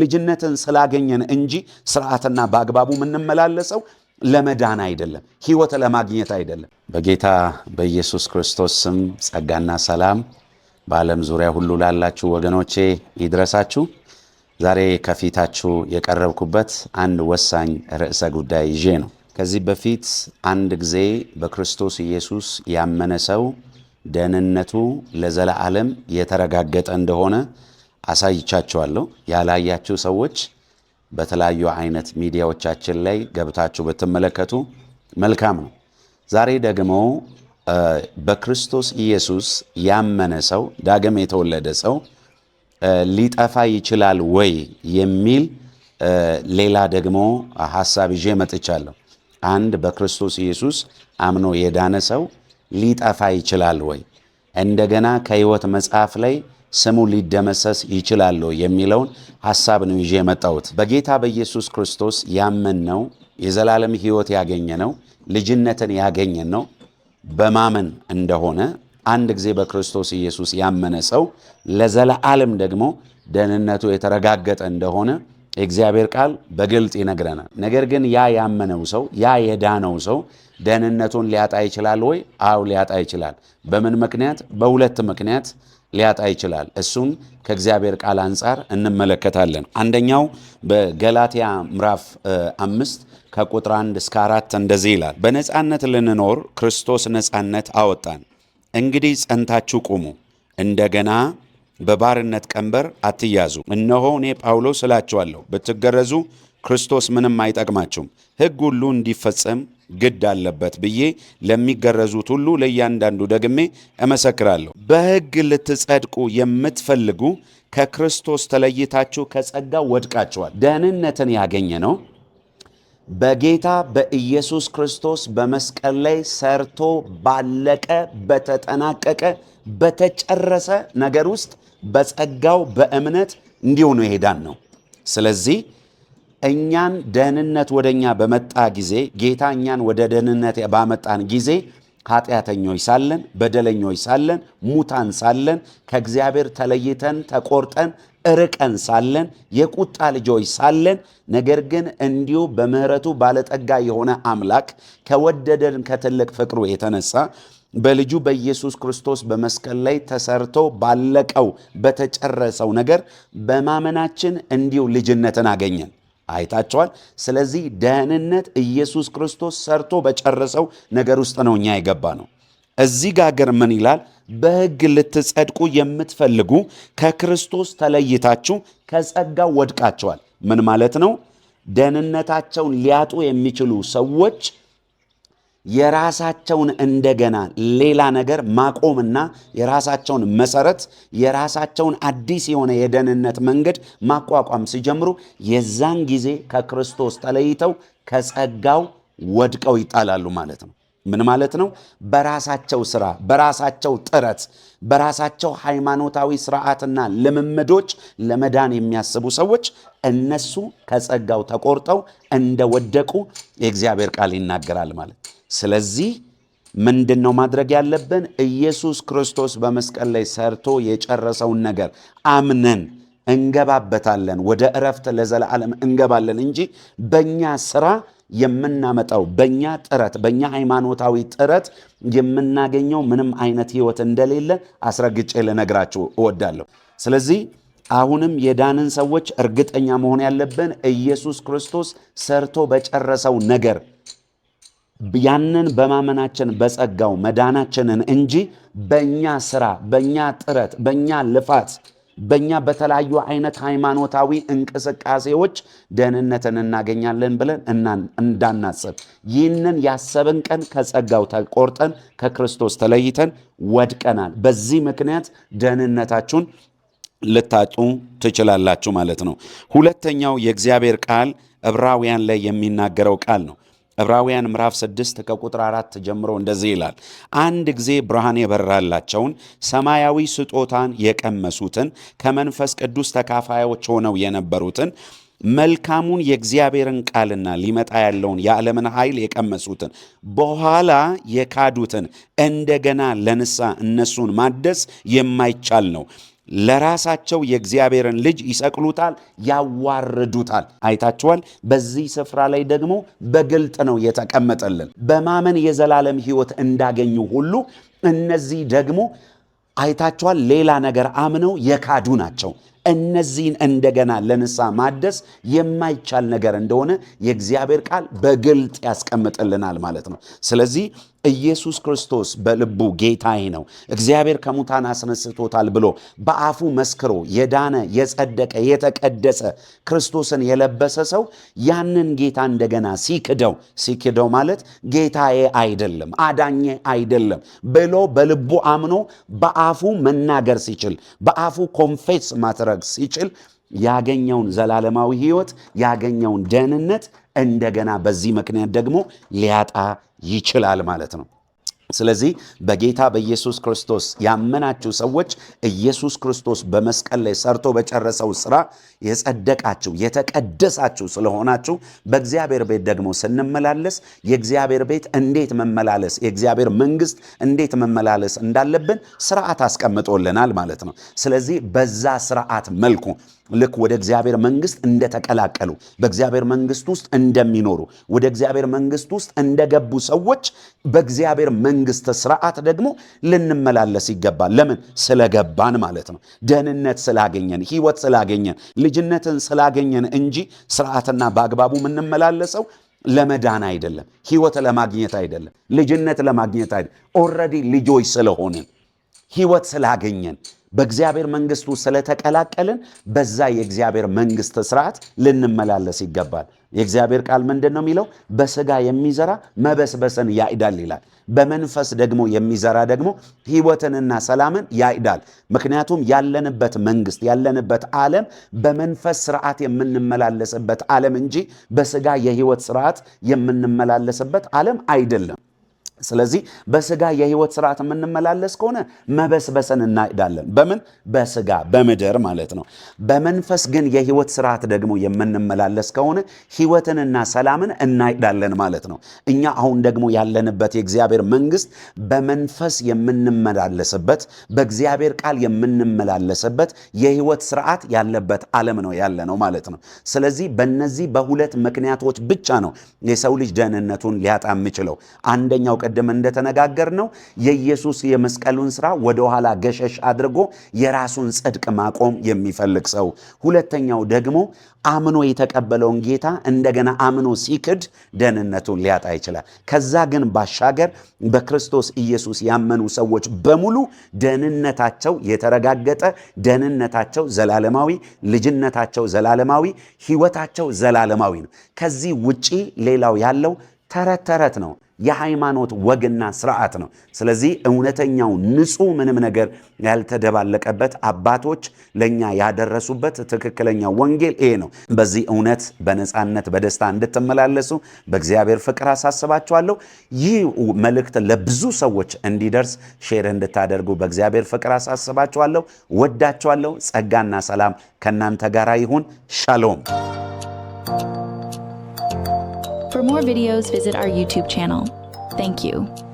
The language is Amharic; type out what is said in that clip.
ልጅነትን ስላገኘን እንጂ ስርዓትና በአግባቡ የምንመላለሰው ለመዳን አይደለም፣ ህይወት ለማግኘት አይደለም። በጌታ በኢየሱስ ክርስቶስ ስም ጸጋና ሰላም በዓለም ዙሪያ ሁሉ ላላችሁ ወገኖቼ ይድረሳችሁ። ዛሬ ከፊታችሁ የቀረብኩበት አንድ ወሳኝ ርዕሰ ጉዳይ ይዤ ነው። ከዚህ በፊት አንድ ጊዜ በክርስቶስ ኢየሱስ ያመነ ሰው ደህንነቱ ለዘላለም የተረጋገጠ እንደሆነ አሳይቻችኋለሁ። ያላያችሁ ሰዎች በተለያዩ አይነት ሚዲያዎቻችን ላይ ገብታችሁ ብትመለከቱ መልካም ነው። ዛሬ ደግሞ በክርስቶስ ኢየሱስ ያመነ ሰው ዳግም የተወለደ ሰው ሊጠፋ ይችላል ወይ የሚል ሌላ ደግሞ ሀሳብ ይዤ መጥቻለሁ። አንድ በክርስቶስ ኢየሱስ አምኖ የዳነ ሰው ሊጠፋ ይችላል ወይ? እንደገና ከሕይወት መጽሐፍ ላይ ስሙ ሊደመሰስ ይችላሉ የሚለውን ሐሳብ ነው ይዤ የመጣሁት። በጌታ በኢየሱስ ክርስቶስ ያመን ነው የዘላለም ሕይወት ያገኘ ነው ልጅነትን ያገኘ ነው በማመን እንደሆነ አንድ ጊዜ በክርስቶስ ኢየሱስ ያመነ ሰው ለዘላለም ደግሞ ደህንነቱ የተረጋገጠ እንደሆነ የእግዚአብሔር ቃል በግልጥ ይነግረናል። ነገር ግን ያ ያመነው ሰው ያ የዳነው ሰው ደህንነቱን ሊያጣ ይችላል ወይ? አው ሊያጣ ይችላል። በምን ምክንያት? በሁለት ምክንያት ሊያጣ ይችላል። እሱን ከእግዚአብሔር ቃል አንጻር እንመለከታለን። አንደኛው በገላትያ ምዕራፍ አምስት ከቁጥር አንድ እስከ አራት እንደዚህ ይላል፣ በነፃነት ልንኖር ክርስቶስ ነፃነት አወጣን። እንግዲህ ጸንታችሁ ቁሙ፣ እንደገና በባርነት ቀንበር አትያዙ። እነሆ እኔ ጳውሎስ እላችኋለሁ፣ ብትገረዙ ክርስቶስ ምንም አይጠቅማችሁም። ሕግ ሁሉ እንዲፈጸም ግድ አለበት ብዬ ለሚገረዙት ሁሉ ለእያንዳንዱ ደግሜ እመሰክራለሁ። በሕግ ልትጸድቁ የምትፈልጉ ከክርስቶስ ተለይታችሁ ከጸጋ ወድቃችኋል። ደህንነትን ያገኘ ነው በጌታ በኢየሱስ ክርስቶስ በመስቀል ላይ ሰርቶ ባለቀ በተጠናቀቀ በተጨረሰ ነገር ውስጥ በጸጋው በእምነት እንዲሆኑ ይሄዳን ነው። ስለዚህ እኛን ደህንነት ወደ እኛ በመጣ ጊዜ ጌታ እኛን ወደ ደህንነት ባመጣን ጊዜ ኃጢአተኞች ሳለን፣ በደለኞች ሳለን፣ ሙታን ሳለን፣ ከእግዚአብሔር ተለይተን ተቆርጠን እርቀን ሳለን፣ የቁጣ ልጆች ሳለን፣ ነገር ግን እንዲሁ በምሕረቱ ባለጠጋ የሆነ አምላክ ከወደደን ከትልቅ ፍቅሩ የተነሳ በልጁ በኢየሱስ ክርስቶስ በመስቀል ላይ ተሰርቶ ባለቀው በተጨረሰው ነገር በማመናችን እንዲሁ ልጅነትን አገኘን። አይታቸዋል። ስለዚህ ደህንነት ኢየሱስ ክርስቶስ ሰርቶ በጨረሰው ነገር ውስጥ ነው እኛ የገባ ነው። እዚህ ጋገር ምን ይላል? በሕግ ልትጸድቁ የምትፈልጉ ከክርስቶስ ተለይታችሁ ከጸጋው ወድቃቸዋል። ምን ማለት ነው? ደህንነታቸውን ሊያጡ የሚችሉ ሰዎች የራሳቸውን እንደገና ሌላ ነገር ማቆምና የራሳቸውን መሰረት የራሳቸውን አዲስ የሆነ የደህንነት መንገድ ማቋቋም ሲጀምሩ የዛን ጊዜ ከክርስቶስ ተለይተው ከጸጋው ወድቀው ይጣላሉ ማለት ነው። ምን ማለት ነው? በራሳቸው ስራ፣ በራሳቸው ጥረት፣ በራሳቸው ሃይማኖታዊ ስርዓትና ልምምዶች ለመዳን የሚያስቡ ሰዎች እነሱ ከጸጋው ተቆርጠው እንደወደቁ የእግዚአብሔር ቃል ይናገራል ማለት ስለዚህ ምንድን ነው ማድረግ ያለብን? ኢየሱስ ክርስቶስ በመስቀል ላይ ሰርቶ የጨረሰውን ነገር አምነን እንገባበታለን፣ ወደ እረፍት ለዘላለም እንገባለን እንጂ በእኛ ስራ የምናመጣው በእኛ ጥረት በእኛ ሃይማኖታዊ ጥረት የምናገኘው ምንም አይነት ህይወት እንደሌለ አስረግጬ ልነግራችሁ እወዳለሁ። ስለዚህ አሁንም የዳንን ሰዎች እርግጠኛ መሆን ያለብን ኢየሱስ ክርስቶስ ሰርቶ በጨረሰው ነገር ያንን በማመናችን በጸጋው መዳናችንን እንጂ በእኛ ስራ፣ በእኛ ጥረት፣ በእኛ ልፋት፣ በእኛ በተለያዩ አይነት ሃይማኖታዊ እንቅስቃሴዎች ደህንነትን እናገኛለን ብለን እንዳናስብ ይህንን ያሰብን ቀን ከጸጋው ተቆርጠን ከክርስቶስ ተለይተን ወድቀናል። በዚህ ምክንያት ደህንነታችሁን ልታጡ ትችላላችሁ ማለት ነው። ሁለተኛው የእግዚአብሔር ቃል ዕብራውያን ላይ የሚናገረው ቃል ነው። ዕብራውያን ምዕራፍ 6 ከቁጥር 4 ጀምሮ እንደዚህ ይላል፣ አንድ ጊዜ ብርሃን የበራላቸውን ሰማያዊ ስጦታን የቀመሱትን ከመንፈስ ቅዱስ ተካፋዮች ሆነው የነበሩትን መልካሙን የእግዚአብሔርን ቃልና ሊመጣ ያለውን የዓለምን ኃይል የቀመሱትን በኋላ የካዱትን እንደገና ለንሳ እነሱን ማደስ የማይቻል ነው። ለራሳቸው የእግዚአብሔርን ልጅ ይሰቅሉታል፣ ያዋርዱታል። አይታችኋል። በዚህ ስፍራ ላይ ደግሞ በግልጥ ነው የተቀመጠልን። በማመን የዘላለም ሕይወት እንዳገኙ ሁሉ እነዚህ ደግሞ አይታችኋል፣ ሌላ ነገር አምነው የካዱ ናቸው። እነዚህን እንደገና ለንሳ ማደስ የማይቻል ነገር እንደሆነ የእግዚአብሔር ቃል በግልጥ ያስቀምጥልናል ማለት ነው። ስለዚህ ኢየሱስ ክርስቶስ በልቡ ጌታዬ ነው፣ እግዚአብሔር ከሙታን አስነስቶታል ብሎ በአፉ መስክሮ የዳነ የጸደቀ የተቀደሰ ክርስቶስን የለበሰ ሰው ያንን ጌታ እንደገና ሲክደው ሲክደው ማለት ጌታዬ አይደለም አዳኜ አይደለም ብሎ በልቡ አምኖ በአፉ መናገር ሲችል በአፉ ኮንፌስ ማትረ ማድረግ ሲችል ያገኘውን ዘላለማዊ ህይወት ያገኘውን ደህንነት እንደገና በዚህ ምክንያት ደግሞ ሊያጣ ይችላል ማለት ነው። ስለዚህ በጌታ በኢየሱስ ክርስቶስ ያመናችሁ ሰዎች ኢየሱስ ክርስቶስ በመስቀል ላይ ሰርቶ በጨረሰው ስራ የጸደቃችሁ የተቀደሳችሁ ስለሆናችሁ በእግዚአብሔር ቤት ደግሞ ስንመላለስ የእግዚአብሔር ቤት እንዴት መመላለስ የእግዚአብሔር መንግስት እንዴት መመላለስ እንዳለብን ስርዓት አስቀምጦልናል ማለት ነው። ስለዚህ በዛ ስርዓት መልኩ ልክ ወደ እግዚአብሔር መንግስት እንደተቀላቀሉ በእግዚአብሔር መንግስት ውስጥ እንደሚኖሩ ወደ እግዚአብሔር መንግስት ውስጥ እንደገቡ ሰዎች በእግዚአብሔር መንግስት ስርዓት ደግሞ ልንመላለስ ይገባል። ለምን? ስለገባን ማለት ነው። ደህንነት ስላገኘን፣ ህይወት ስላገኘን፣ ልጅነትን ስላገኘን እንጂ ስርዓትና በአግባቡ የምንመላለሰው ለመዳን አይደለም። ህይወት ለማግኘት አይደለም። ልጅነት ለማግኘት አይደለም። ኦልሬዲ ልጆች ስለሆንን ህይወት ስላገኘን በእግዚአብሔር መንግስቱ ስለተቀላቀልን በዛ የእግዚአብሔር መንግስት ስርዓት ልንመላለስ ይገባል። የእግዚአብሔር ቃል ምንድን ነው የሚለው? በስጋ የሚዘራ መበስበስን ያይዳል ይላል። በመንፈስ ደግሞ የሚዘራ ደግሞ ህይወትንና ሰላምን ያይዳል። ምክንያቱም ያለንበት መንግስት ያለንበት ዓለም በመንፈስ ስርዓት የምንመላለስበት ዓለም እንጂ በስጋ የህይወት ስርዓት የምንመላለስበት ዓለም አይደለም። ስለዚህ በስጋ የህይወት ስርዓት የምንመላለስ ከሆነ መበስበሰን እናሄዳለን። በምን በስጋ በምድር ማለት ነው። በመንፈስ ግን የህይወት ስርዓት ደግሞ የምንመላለስ ከሆነ ህይወትንና ሰላምን እናሄዳለን ማለት ነው። እኛ አሁን ደግሞ ያለንበት የእግዚአብሔር መንግስት በመንፈስ የምንመላለስበት በእግዚአብሔር ቃል የምንመላለስበት የህይወት ስርዓት ያለበት ዓለም ነው ያለ ነው ማለት ነው። ስለዚህ በነዚህ በሁለት ምክንያቶች ብቻ ነው የሰው ልጅ ደህንነቱን ሊያጣ የሚችለው አንደኛው ቅድም እንደተነጋገር ነው የኢየሱስ የመስቀሉን ስራ ወደኋላ ገሸሽ አድርጎ የራሱን ጽድቅ ማቆም የሚፈልግ ሰው። ሁለተኛው ደግሞ አምኖ የተቀበለውን ጌታ እንደገና አምኖ ሲክድ ደህንነቱን ሊያጣ ይችላል። ከዛ ግን ባሻገር በክርስቶስ ኢየሱስ ያመኑ ሰዎች በሙሉ ደህንነታቸው የተረጋገጠ፣ ደህንነታቸው ዘላለማዊ፣ ልጅነታቸው ዘላለማዊ፣ ህይወታቸው ዘላለማዊ ነው። ከዚህ ውጪ ሌላው ያለው ተረት ተረት ነው። የሃይማኖት ወግና ስርዓት ነው። ስለዚህ እውነተኛው ንጹህ፣ ምንም ነገር ያልተደባለቀበት አባቶች ለእኛ ያደረሱበት ትክክለኛ ወንጌል ይሄ ነው። በዚህ እውነት በነፃነት በደስታ እንድትመላለሱ በእግዚአብሔር ፍቅር አሳስባችኋለሁ። ይህ መልእክት ለብዙ ሰዎች እንዲደርስ ሼር እንድታደርጉ በእግዚአብሔር ፍቅር አሳስባችኋለሁ። ወዳችኋለሁ። ጸጋና ሰላም ከእናንተ ጋር ይሁን። ሻሎም more videos, visit our YouTube channel. Thank you.